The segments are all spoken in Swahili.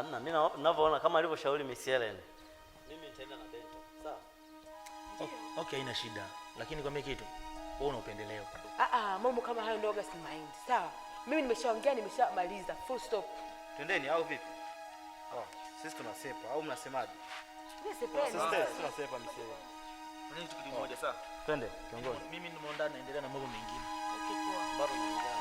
Hamna, mimi ninavyoona kama alivyoshauri Miss Helen. Mimi nitaenda na Bento. Sawa? Oh, okay, haina shida. Lakini kwambie kitu. Wewe una upendeleo. Ah ah, mambo kama hayo ndio gasi mind. Sawa? Mimi nimeshaongea, nimeshamaliza. Full stop. Twendeni au vipi? Oh, sisi tunasepa au mnasemaje? Tunasepeni. Sisi tunasepa Miss Helen. Twende kitu kimoja sawa? Twende, kiongozi. Mimi nimeondoa naendelea na mambo mengine. Okay, poa. Bado naendelea.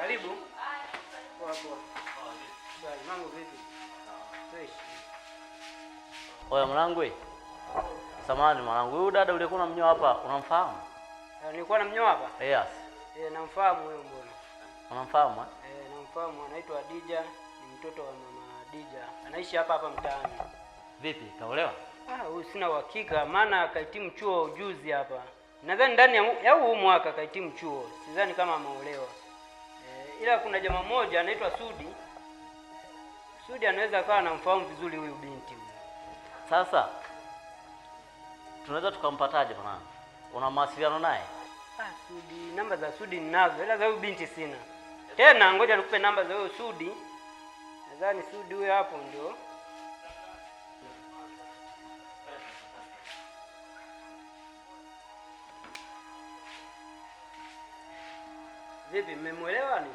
Karibu. Poa poa. Bali mambo vipi? Fresh. Oya mwanangu. Samani mwanangu, huyu dada ulikuwa unamnyoa hapa, unamfahamu? Eh, nilikuwa namnyoa hapa? Yes. Eh, namfahamu huyo mbona. Unamfahamu eh? Eh, namfahamu, anaitwa Adija, ni mtoto wa mama Adija. Anaishi hapa hapa mtaani. Vipi, kaolewa? Ah, huyu sina uhakika maana akahitimu chuo ujuzi hapa. Nadhani ndani ya huu mwaka akahitimu chuo. Sidhani kama ameolewa ila kuna jamaa mmoja anaitwa Sudi. Sudi anaweza akawa anamfahamu vizuri huyu binti Sasa tunaweza tukampataje bwana? Una mawasiliano naye? Ah, Sudi, namba za Sudi ninazo, ila za huyu binti sina. Tena ngoja nikupe namba za huyo Sudi. Nadhani Sudi huyo hapo ndio Vipi, mmemwelewa nini?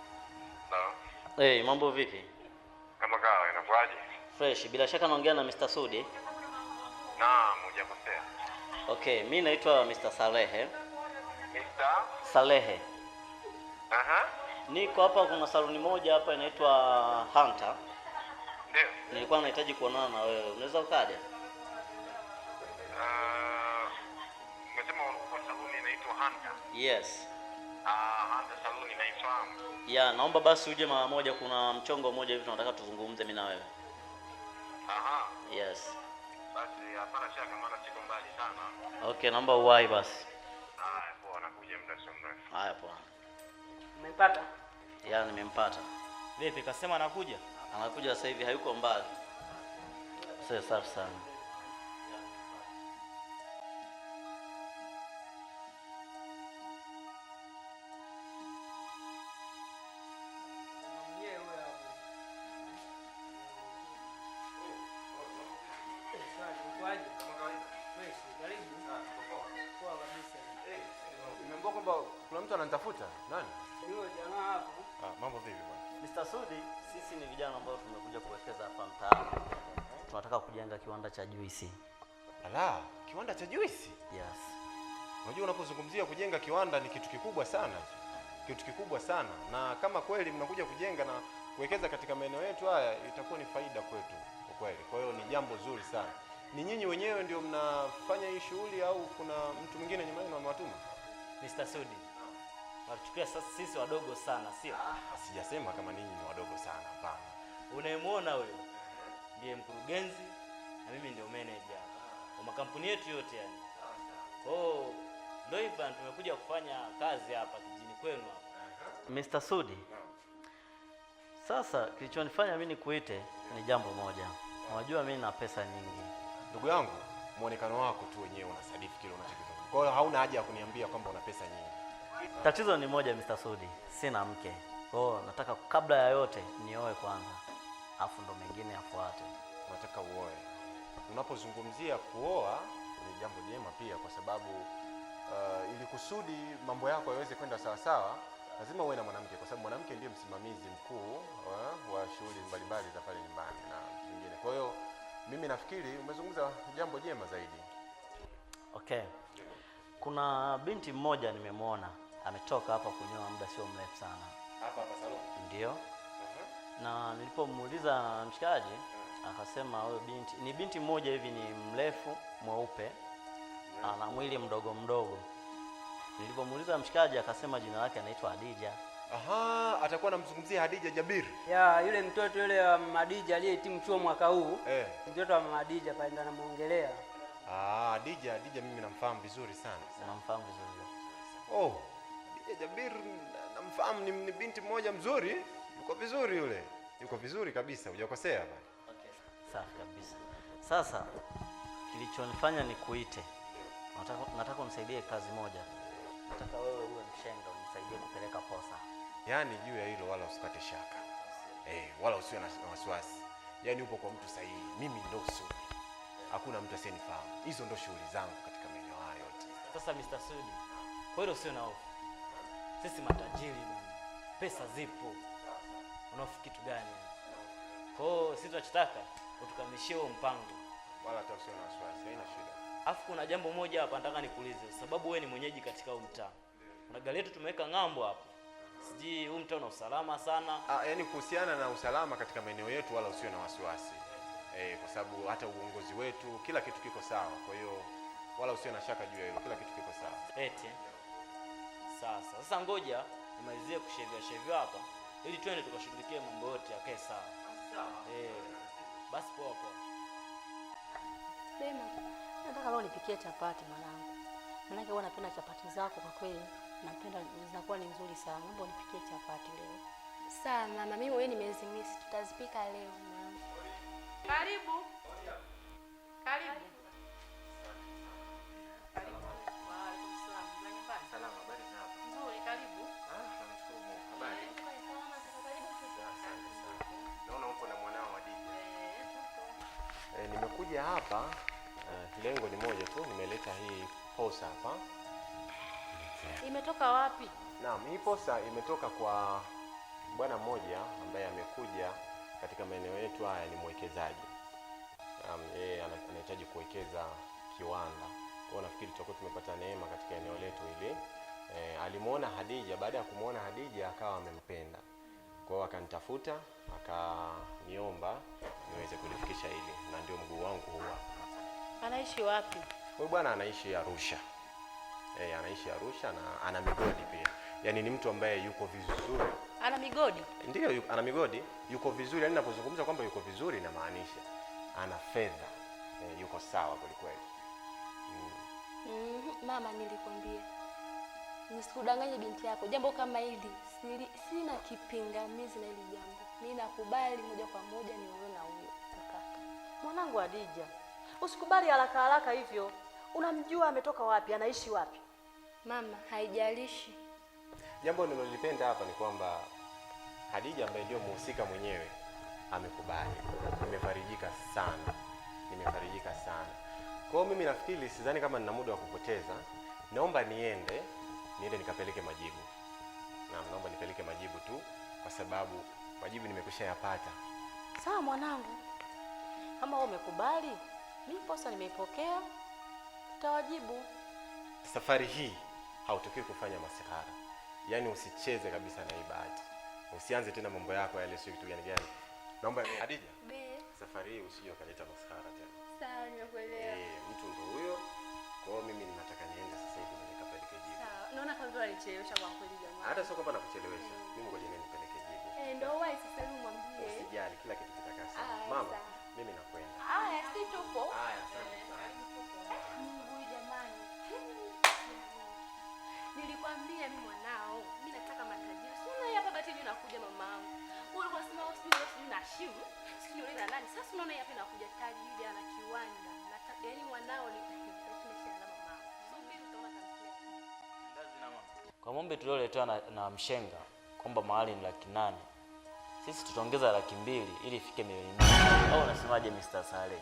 Hey, eh, mambo vipi? Kama kawa inakuaje? Fresh. Bila shaka naongea na Mr. Sudi. Naam, hujakosea. Okay, mi naitwa Mr. Salehe. Mr. Salehe. Aha. Uh -huh. Niko hapa, kuna saluni moja hapa inaitwa Hunter. Ndio. Nilikuwa nahitaji kuonana na wewe. Unaweza ukaja? Uh, umesema kuna saluni inaitwa Hunter. Yes. Ah, ya, naomba basi uje mara moja, kuna mchongo mmoja hivi tunataka tuzungumze mimi na wewe. Aha. Yes. Basi hapana shaka, maana siko mbali sana. Okay, naomba uwai basi. Haya, poa, nakuja muda sio mrefu. Haya, poa. Umempata? Ya, nimempata. Vipi, kasema anakuja? Anakuja sasa hivi, hayuko mbali. Sasa safi sana. cha juisi. Ala, kiwanda cha juisi? Yes. Unajua unapozungumzia kujenga kiwanda ni kitu kikubwa sana. Kitu kikubwa sana. Na kama kweli mnakuja kujenga na kuwekeza katika maeneo yetu haya itakuwa ni faida kwetu kwa kweli. Kwa hiyo ni jambo zuri sana. Ni nyinyi wenyewe ndio mnafanya hii shughuli au kuna mtu mwingine nyuma yenu amewatuma? Mr. Sudi. Tunachukulia sasa sisi wadogo sana, sio? Ah, sijasema kama ninyi ni wadogo sana, hapana. Unayemuona wewe ndiye mkurugenzi na mimi ndio manager wa makampuni yetu yote yani. Kwa hiyo ndio hivyo tumekuja kufanya kazi hapa kijijini kwenu hapa. Mr. Sudi. Sasa kilichonifanya mimi nikuite ni jambo moja. Unajua mimi na pesa nyingi. Ndugu yangu, muonekano wako tu wenyewe unasadifu kile unachokizungumza. Kwa hiyo hauna haja ya kuniambia kwamba una pesa nyingi. Tatizo ni moja Mr. Sudi, sina mke. Kwa hiyo nataka kabla ya yote nioe kwanza. Afu ndo mengine yafuate. Nataka uoe. Unapozungumzia kuoa ni jambo jema pia, kwa sababu uh, ili kusudi mambo yako yaweze kwenda sawasawa, lazima uwe na mwanamke, kwa sababu mwanamke ndiye msimamizi mkuu uh, wa shughuli mbalimbali za pale nyumbani na vingine. Kwa hiyo mimi nafikiri umezungumza jambo jema zaidi. Okay, kuna binti mmoja nimemwona ametoka hapa kunyoa muda sio mrefu sana hapa hapa ndio. uh mhm. -huh. na nilipomuuliza mshikaji mm. Akasema huyo binti ni binti mmoja hivi, ni mrefu mweupe, ana mwili mdogo mdogo. Nilipomuuliza mshikaji, akasema jina lake anaitwa Hadija. Aha, atakuwa anamzungumzia Hadija Jabir. Ya, yule mtoto yule wa Hadija aliyehitimu chuo mwaka huu eh. Mtoto wa Hadija pale ndo anamuongelea. Ah, Hadija, Hadija mimi namfahamu vizuri sana. Namfahamu vizuri. Oh, Hadija Jabir namfahamu, ni binti mmoja mzuri, yuko vizuri yule, yuko vizuri kabisa, hujakosea bana. Safi kabisa. Sasa kilichonifanya nikuite, nataka nataka unisaidie kazi moja. Nataka wewe uwe mshenga unisaidie kupeleka posa. Yaani juu ya hilo wala usipate shaka. Eh, wala usiwe na wasiwasi. Yaani upo kwa mtu sahihi. Mimi ndo Sudi. Hakuna mtu asiyenifahamu. Hizo ndo shughuli zangu katika maeneo haya yote. Sasa Mr. Sudi, kwa hilo usio na hofu. Sisi matajiri bwana. Pesa zipo. Unafikiri kitu gani? Kwa hiyo sisi tunachotaka utukamilishie huo mpango. Wala hata usiwe na wasiwasi, haina shida. Afu kuna jambo moja hapa nataka nikuulize, sababu wewe ni mwenyeji katika huu mtaa. Kuna gari yetu tumeweka ng'ambo hapa. Sijui huu mtaa una usalama sana. Ah, yani kuhusiana na usalama katika maeneo yetu wala usiwe na wasiwasi. Eh, kwa sababu hata uongozi wetu kila kitu kiko sawa. Kwa hiyo wala usiwe na shaka juu ya hilo, kila kitu kiko sawa. Eti. Sasa, sasa ngoja nimalizie kushevia shevia hapa ili twende tukashughulikie mambo yote yakae sawa. Sawa. Eh. Basi poa poa. Bema, nataka leo nipikie chapati mwanangu. Maana huwa napenda chapati zako kwa kweli. Napenda zinakuwa ni nzuri sana. Naomba nipikie chapati leo. Sawa mama, mimi wewe nimezimisi. Tutazipika leo mwanangu. Karibu. imetoka wapi? Naam, hii posa imetoka kwa bwana mmoja ambaye amekuja katika maeneo yetu haya, ni mwekezaji yeye. Um, anahitaji kuwekeza kiwanda, kwa nafikiri tutakuwa tumepata neema katika eneo letu hili. E, alimuona Hadija. Baada ya kumwona Hadija akawa amempenda, kwa hiyo akanitafuta, akaniomba niweze kulifikisha hili, na ndio mguu wangu huwa. Anaishi wapi huyu bwana? Anaishi Arusha. E, anaishi Arusha na ana migodi pia. Yaani ni mtu ambaye yuko vizuri. Ana migodi? ndio yuko, ana migodi, yuko vizuri. Yaani ninapozungumza kwamba yuko vizuri na maanisha ana fedha. E, yuko sawa kweli kweli. Mm. Mm, mama nilikwambia. Nisikudanganye binti yako. Jambo kama hili sina kipingamizi na hili jambo. Mimi nakubali moja kwa moja ni wewe na huyo kaka. Mwanangu Adija. Usikubali haraka haraka hivyo. Unamjua ametoka wapi, anaishi wapi? Mama, haijalishi. Jambo nilolipenda hapa ni kwamba Hadija ambaye ndio muhusika mwenyewe amekubali. Nimefarijika sana, nimefarijika sana. Kwa hiyo mimi nafikiri, sidhani kama nina muda wa kupoteza. Naomba niende, niende nikapeleke majibu. Naam, naomba nipeleke majibu tu, kwa sababu majibu nimekwisha yapata. Sawa mwanangu, kama wewe umekubali, mimi posa nimeipokea tutawajibu. Safari hii hautokiwi kufanya masihara, yaani usicheze kabisa na ibada, usianze tena mambo yako yale, sio kitu gani gani. Naomba Hadija, safari hii usije ukaleta masihara tena. Sawa, nimekuelewa. Eh, mtu ndio huyo. Kwa hiyo mimi ninataka niende sasa hivi nikapeleke jibu. Sawa. Naona kwanza alichelewesha kwa kweli jamaa. Hata sio kwamba nakuchelewesha. Eh. Mimi ngoja niende nipeleke jibu. Eh, ndio wewe sasa hivi umwambie. Usijali, kila kitu kitakaa sawa. Mama, mimi nakwenda. Haya, sisi tupo. Haya, asante. Nilikwambia mimi mwanao, mimi nataka matajiri. Sio na hapa bati mimi nakuja mamangu. Wewe unasema sio usijui na shiu. Sio yule na nani. Sasa unaona hapa nakuja tajiri ana kiwanja. Nataka yani mwanao ni kwa mombe tulioletewa na, na mshenga kwamba mahali ni laki nane, sisi tutaongeza laki mbili ili ifike milioni mbili Au unasemaje Mr. Saleh?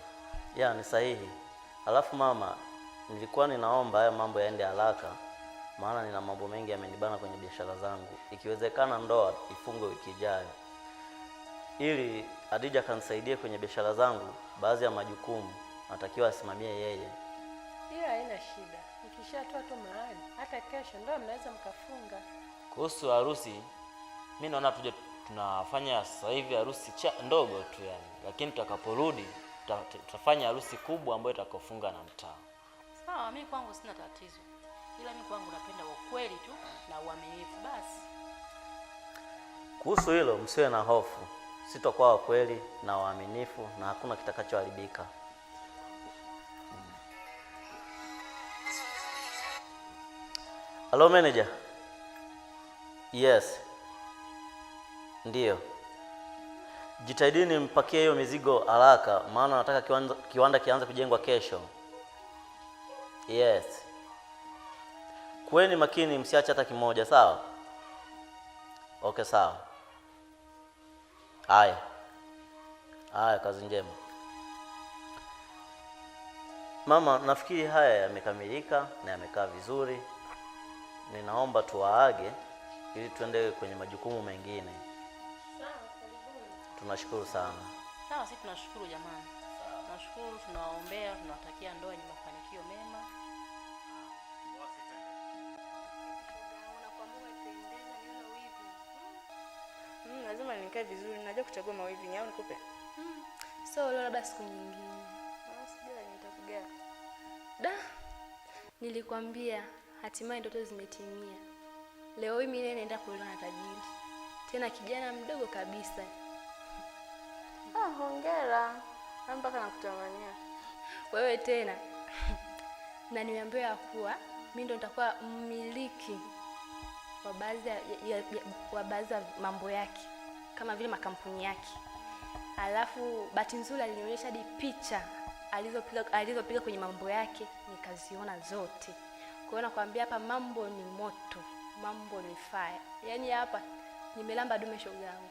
Ya, ni sahihi. Alafu mama, nilikuwa ninaomba haya mambo yaende haraka maana nina mambo mengi yamenibana kwenye biashara zangu. Ikiwezekana ndoa ifungwe wiki ijayo, ili Adija kanisaidie kwenye biashara zangu. Baadhi ya majukumu natakiwa asimamie yeye. Hiyo haina shida, nikishatoa tu mahali, hata kesho ndoa mnaweza mkafunga. Kuhusu harusi, mi naona tuje tunafanya sasa hivi harusi cha ndogo tu yani, lakini tutakaporudi tutafanya harusi kubwa ambayo itakofunga na mtaa. Sawa, mi kwangu sina tatizo ila mimi kwangu napenda ukweli tu na uaminifu basi. Kuhusu hilo msiwe na hofu, wa wakweli na waaminifu na hakuna kitakachoharibika. Hello manager. Yes. Ndiyo, jitahidini mpakie hiyo mizigo haraka, maana nataka kiwanda, kiwanda kianze kujengwa kesho. Yes. Kuweni makini, msiache hata kimoja, sawa? Okay, sawa. Haya, haya, kazi njema mama. Nafikiri haya yamekamilika na yamekaa vizuri. Ninaomba tuwaage ili tuende kwenye majukumu mengine. Tunashukuru sana. Sawa, sisi tunashukuru jamani, tunashukuru, tunawaombea, tunawatakia ndoa yenye mafanikio mema. lazima nikae vizuri. Najua kuchagua mawivi au nikupe? Mm. So leo labda siku nyingine. Ah, sijui nitakugawa. Da. Nilikwambia hatimaye ndoto zimetimia. Leo hii mimi naenda kuolewa na tajiri. Tena kijana mdogo kabisa. Ah, hongera. Mpaka nakutamania. Wewe tena. na niambiwe ya kuwa mimi ndo nitakuwa mmiliki wa baadhi ya mambo yake kama vile makampuni yake. Alafu bahati nzuri alinionyesha hadi picha alizopiga alizopiga kwenye mambo yake, nikaziona zote. Kwa hiyo nakwambia hapa mambo ni moto, mambo ni fire. Yaani hapa nimelamba dume shoga yangu.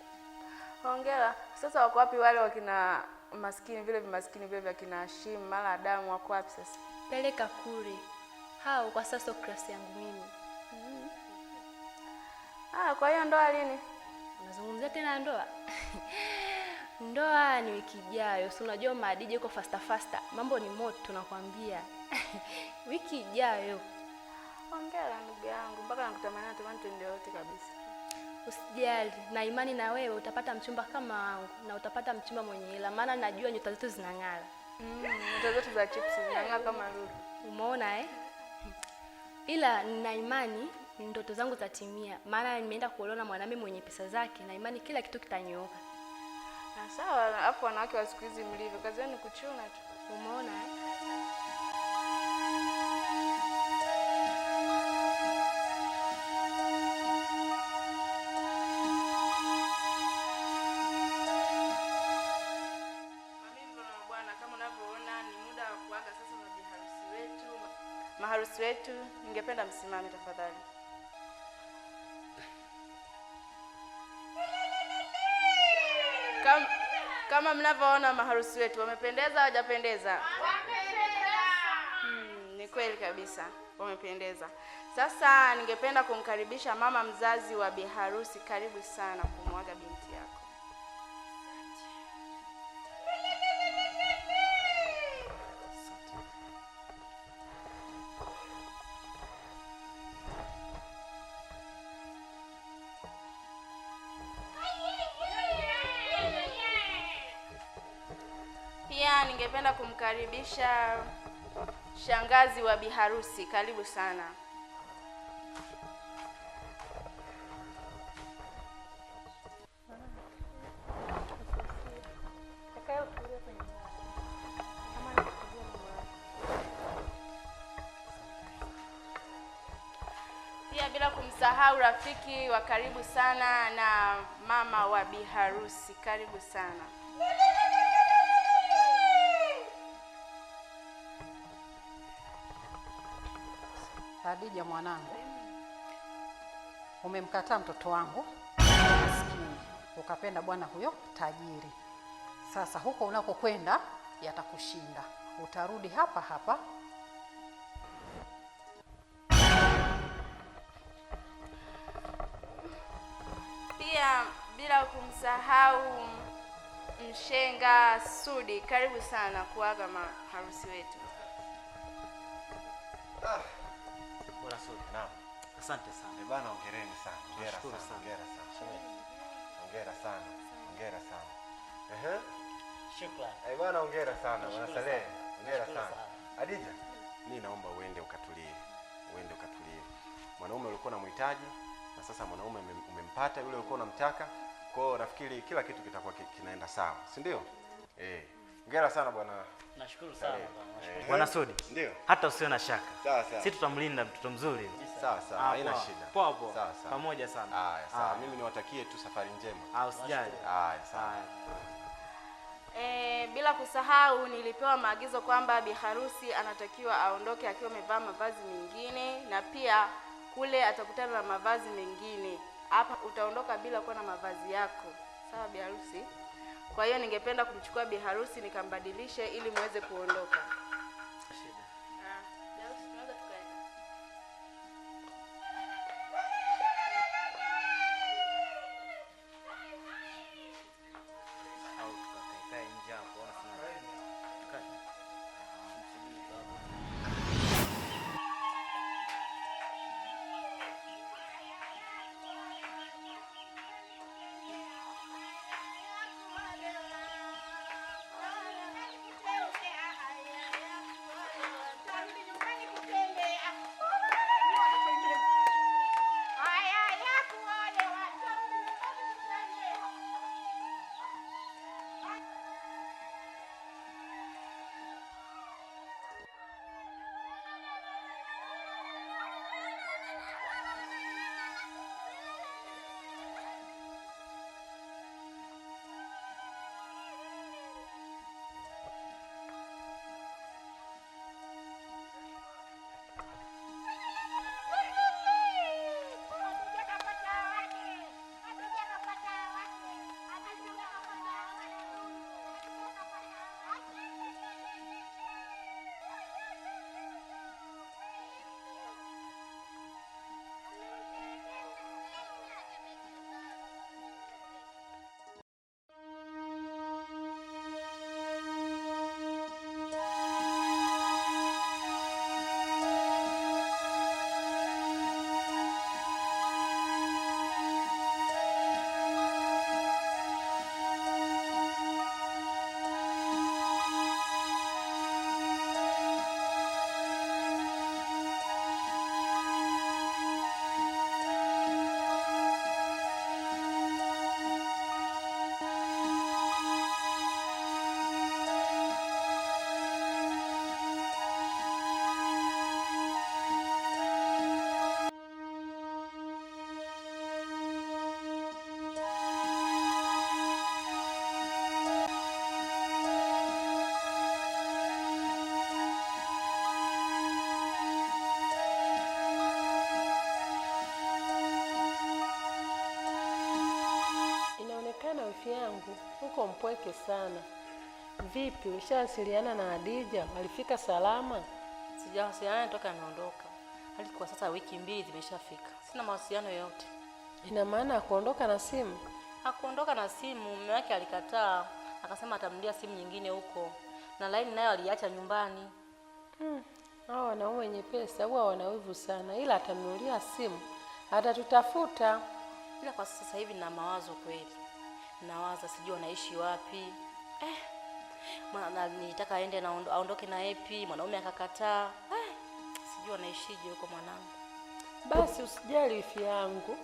Hongera. Sasa wako wapi wale wakina maskini vile vimaskini vile vya kina Hashim mara damu wako wapi sasa? Peleka kule. Hao kwa sasa class yangu mimi. Mm. Ah, kwa hiyo ndoa lini? Unazungumzia tena ndoa? Ndoa ni wiki ijayo, si unajua maadije uko faster faster, mambo ni moto tunakwambia. Wiki ijayo. Hongera ndugu yangu, mpaka nakutamani natamani tuende wote kabisa. Usijali, na imani na wewe utapata mchumba kama wangu na utapata mchumba mwenye hela, maana najua nyota zetu zinang'ara. Mm, nyota zetu za chips zinang'ara kama lulu. Umeona eh? Ila na imani ndoto zangu zatimia, maana nimeenda kuolewa na mwanaume mwenye pesa zake na imani kila kitu kitanyooka. Na sawa, alafu wanawake wa siku hizi mlivyo, kazi ni kuchuna tu. Umeona eh? Maharusi wetu, ningependa msimame tafadhali. Kama mnavyoona maharusi wetu wamependeza, Wamependeza. Hmm, ni kweli kabisa wamependeza. Sasa ningependa kumkaribisha mama mzazi wa biharusi, karibu sana kumwaga binti yako. Namkaribisha shangazi wa biharusi, karibu sana. Pia bila kumsahau rafiki wa karibu sana na mama wa biharusi, karibu sana. Khadija, mwanangu, umemkataa mtoto wangu maskini, ukapenda bwana huyo tajiri. Sasa huko unakokwenda yatakushinda, utarudi hapa hapa. Pia bila kumsahau mshenga Sudi, karibu sana kuaga maharusi wetu. Ah. Masoud. Naam. Asante sana. Eh, bana ongereni sana. Hongera sana. Hongera sana. Shemeji. Hongera sana. Hongera sana. Ehe. Shukrani. Eh, bwana hongera sana. Bwana Saleh. Hongera sana. Adija, mimi naomba uende ukatulie. Uende ukatulie. Mwanaume ulikuwa unamhitaji na sasa mwanaume umempata yule ulikuwa unamtaka. Kwa hiyo nafikiri kila kitu kitakuwa kinaenda sawa, si ndio? Eh. Hongera sana bwana. Nashukuru sana bwana. Bwana eh? Sudi, ndio hata usio na shaka. Sawa sawa, sisi tutamlinda mtoto mzuri. Sawa sawa, haina shida. Poa poa, Sawa sawa. pamoja sana. Haya sawa, mimi niwatakie tu safari njema. Ah, usijali. Haya sawa. Eh, bila kusahau nilipewa maagizo kwamba bi harusi anatakiwa aondoke akiwa amevaa mavazi mengine, na pia kule atakutana na mavazi mengine. Hapa utaondoka bila kuwa na mavazi yako, sawa bi harusi? Kwa hiyo ningependa kumchukua bi harusi nikambadilishe ili muweze kuondoka. yangu uko mpweke sana. Vipi, ulishawasiliana na Hadija? Walifika salama? Sijawasiliana toka ameondoka, hadi kwa sasa wiki mbili zimeshafika, sina mawasiliano yoyote. Ina maana akuondoka na simu? Akuondoka na simu, mume wake alikataa, akasema atamlia simu nyingine huko, na laini nayo aliacha nyumbani. Hmm, hao wanaume wenye pesa huwa wanawivu sana, ila atanunulia simu, atatutafuta. Ila kwa sasa hivi na mawazo kweli nawaza sijui wanaishi wapi eh, maana nilitaka aende na aondoke na epi, mwanaume akakataa. Eh, sijui wanaishije huko mwanangu. Basi usijali wifi yangu,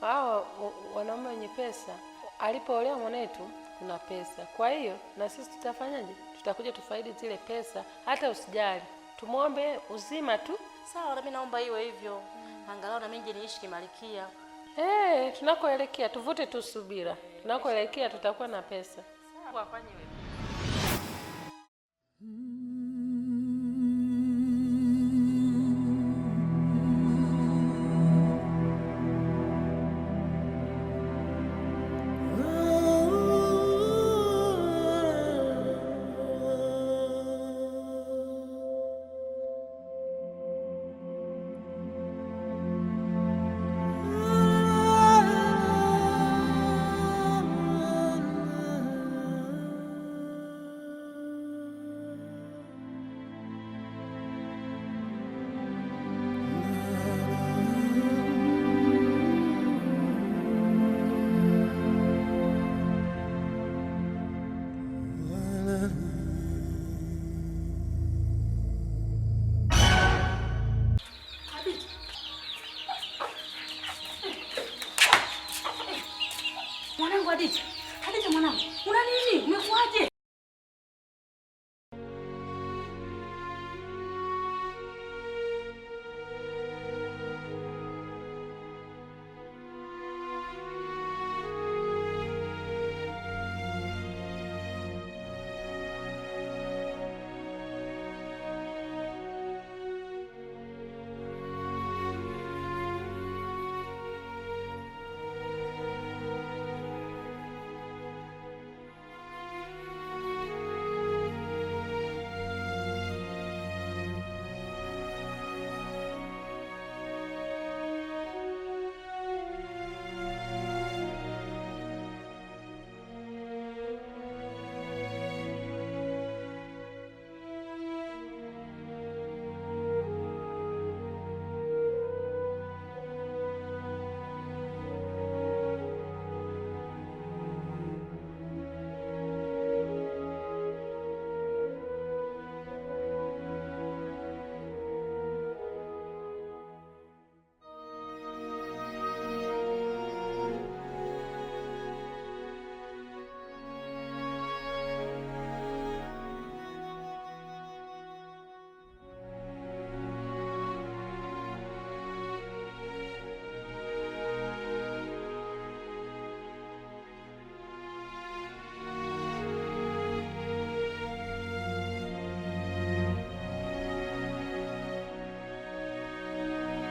hawa wanaume wenye pesa, alipoolewa mwanetu kuna pesa. Kwa hiyo na sisi tutafanyaje? Tutakuja tufaidi zile pesa, hata usijali, tumwombe uzima tu. Sawa, nami naomba iwe hivyo, angalau na nje niishi kimalikia. Eh, tunakoelekea tuvute tu subira tunakoelekea tutakuwa na pesa. Sawa, wafanye wewe.